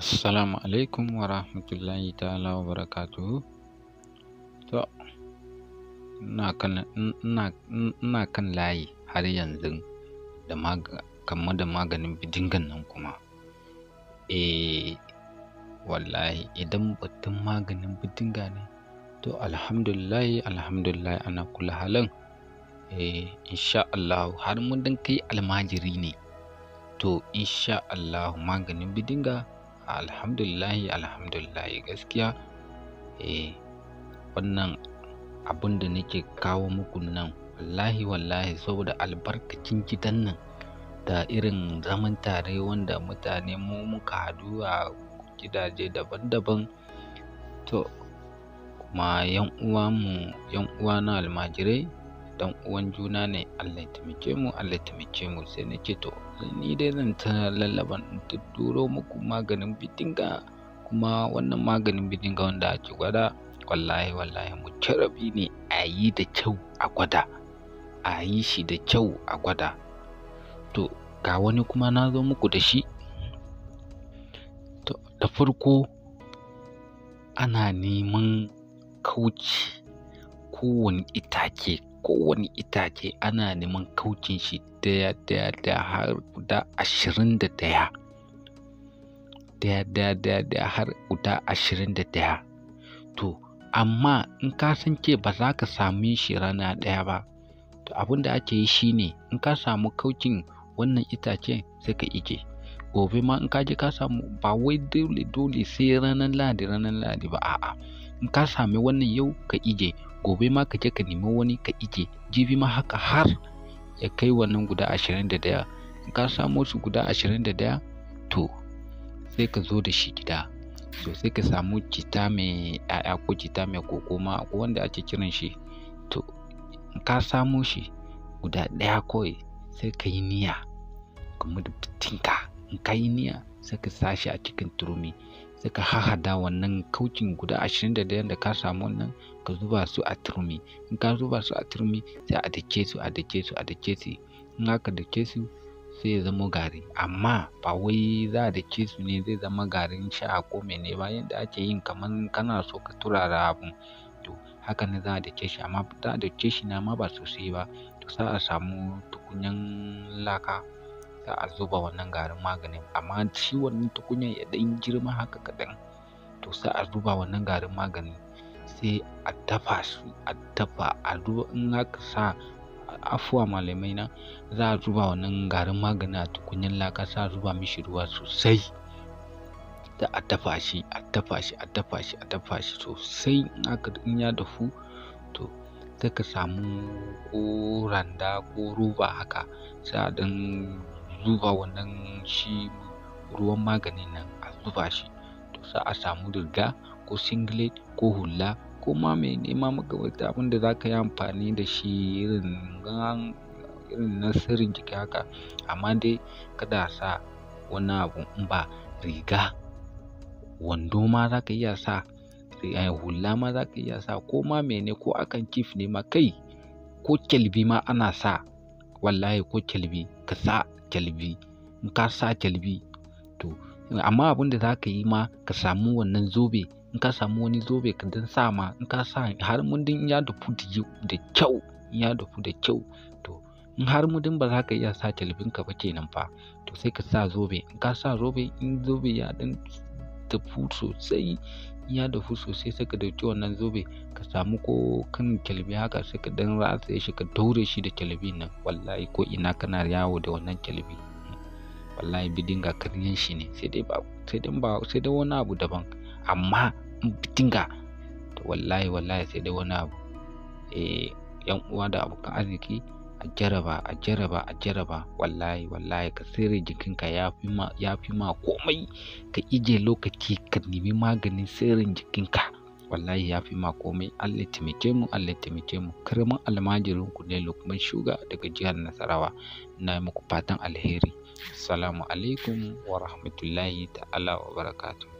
Assalamu alaikum wa rahmatullahi ta'ala wa barakatuhu. To, ina kan, layi har yanzu da maga, da maganin bidingan nan kuma. Eh, wallahi idan batun maganin bidinga ne, to alhamdulillahi alhamdulillahi ana kula halin. Eh, insha Allah har mun dan kai almajiri ne. To, insha Allah maganin bidinga. alhamdulillahi alhamdulillahi gaskiya eh wannan abin da nake kawo muku nan wallahi wallahi saboda albarkacin gidan nan da irin zaman tare wanda mutane mu muka hadu a gidaje daban-daban to kuma yan uwa mu yan uwa na almajirai dan uwan juna ne Allah ya taimake mu Allah ya taimake mu sai nake to ni dai zan ta lallaban duduro muku maganin bidinga kuma wannan maganin bidinga wanda ake gwada wallahi wallahi mu carabi ne a yi da kyau a gwada a yi shi da kyau a gwada to ga wani kuma na zo muku da shi to da farko ana neman kauci kowane itace kowane itace ana neman kaucin shi daya daya daya har guda ashirin da daya daya daya daya daya har guda ashirin da daya to amma in ka san ce ba za ka sami shi rana daya ba to abin da ake yi shine in ka samu kaucin wannan itace sai ka ije gobe ma in ka je ka samu ba wai dole dole sai ranar ladi ranar ladi ba a'a in ka sami wannan yau ka ije gobe ma ka je ka nemi wani ka ije jibi ma haka har ya kai wannan guda ashirin da daya in ka samo su guda ashirin da daya to sai ka zo da shi gida to sai ka samu cita mai ƴaƴa ko cita mai koko ma ko wanda ake kiran shi to in ka samo shi guda ɗaya kawai sai ka yi niyya kuma da tinka in ka yi niyya sai ka sa shi a cikin turmi sai ka hahada wannan kaukin guda ashirin da da ka samu wannan ka zuba su a turmi in ka zuba su a turmi sai a dake su a dake su a dake su in aka dake su sai ya zama gari amma ba wai za a dake su ne zai zama garin sha ko mene ba yadda ake yin kamar kana so ka turara abu to haka ne za a dake shi amma za a dake shi na ma ba sosai ba to sai a samu tukunyan laka za a zuba wannan garin maganin amma shi wannan tukunya ya ɗan girma haka kaɗan to sai a zuba wannan garin magani sai a dafa shi a dafa a zuba in aka sa afuwa malamai na za a zuba wannan garin magani a tukunyan laka sa zuba mishi ruwa sosai da a dafa shi a dafa shi a dafa shi a dafa shi sosai in aka in ya dafu to sai ka samu ko randa ko roba haka sai a ɗan zuba wannan shi ruwan maganin nan a zuba shi to za a samu riga ko singlet ko hula ko ma mene ma makamanta abin da za ka yi amfani da shi irin irin na sirrin jiki haka amma dai kada a sa wani abu in ba riga wando ma za ka iya sa eh, hula ma za ka iya sa ko ma mene ko akan kif ne ma kai ko kyalbi ma ana sa wallahi ko kyalbi ka sa kyalbi in ka sa kyalbi to amma abin da za ka yi ma ka samu wannan zobe in ka samu wani zobe ka dan sa ma in ka sa har mundin ya dafu da kyau ya dafu da kyau to in har din ba za ka iya sa talbinka ba kenan fa to sai ka sa zobe in ka sa zobe in zobe ya dan dafu sosai in ya dahu sosai sai ka ɗauki wannan zobe ka samu ko kan kyalbi haka sai ka ɗan shi ka daure shi da kyalbin nan wallahi ko ina kana yawo da wannan kyalbi wallahi bidinga karyan shi ne sai dai ba sai dai ba sai dai wani abu daban amma bidinga to wallahi wallahi sai dai wani abu eh yan uwa da abokan arziki a jaraba a jaraba a jaraba wallahi wallahi ka sirri jikinka ya fi ma ya fi ma komai ka ije lokaci ka nemi maganin sirrin jikinka wallahi ya fi ma komai Allah ya taimake mu Allah ya taimake mu karamin almajirin ku ne lokman Shuga daga jihar Nasarawa na muku fatan alheri assalamu alaikum wa rahmatullahi ta'ala wa barakatuh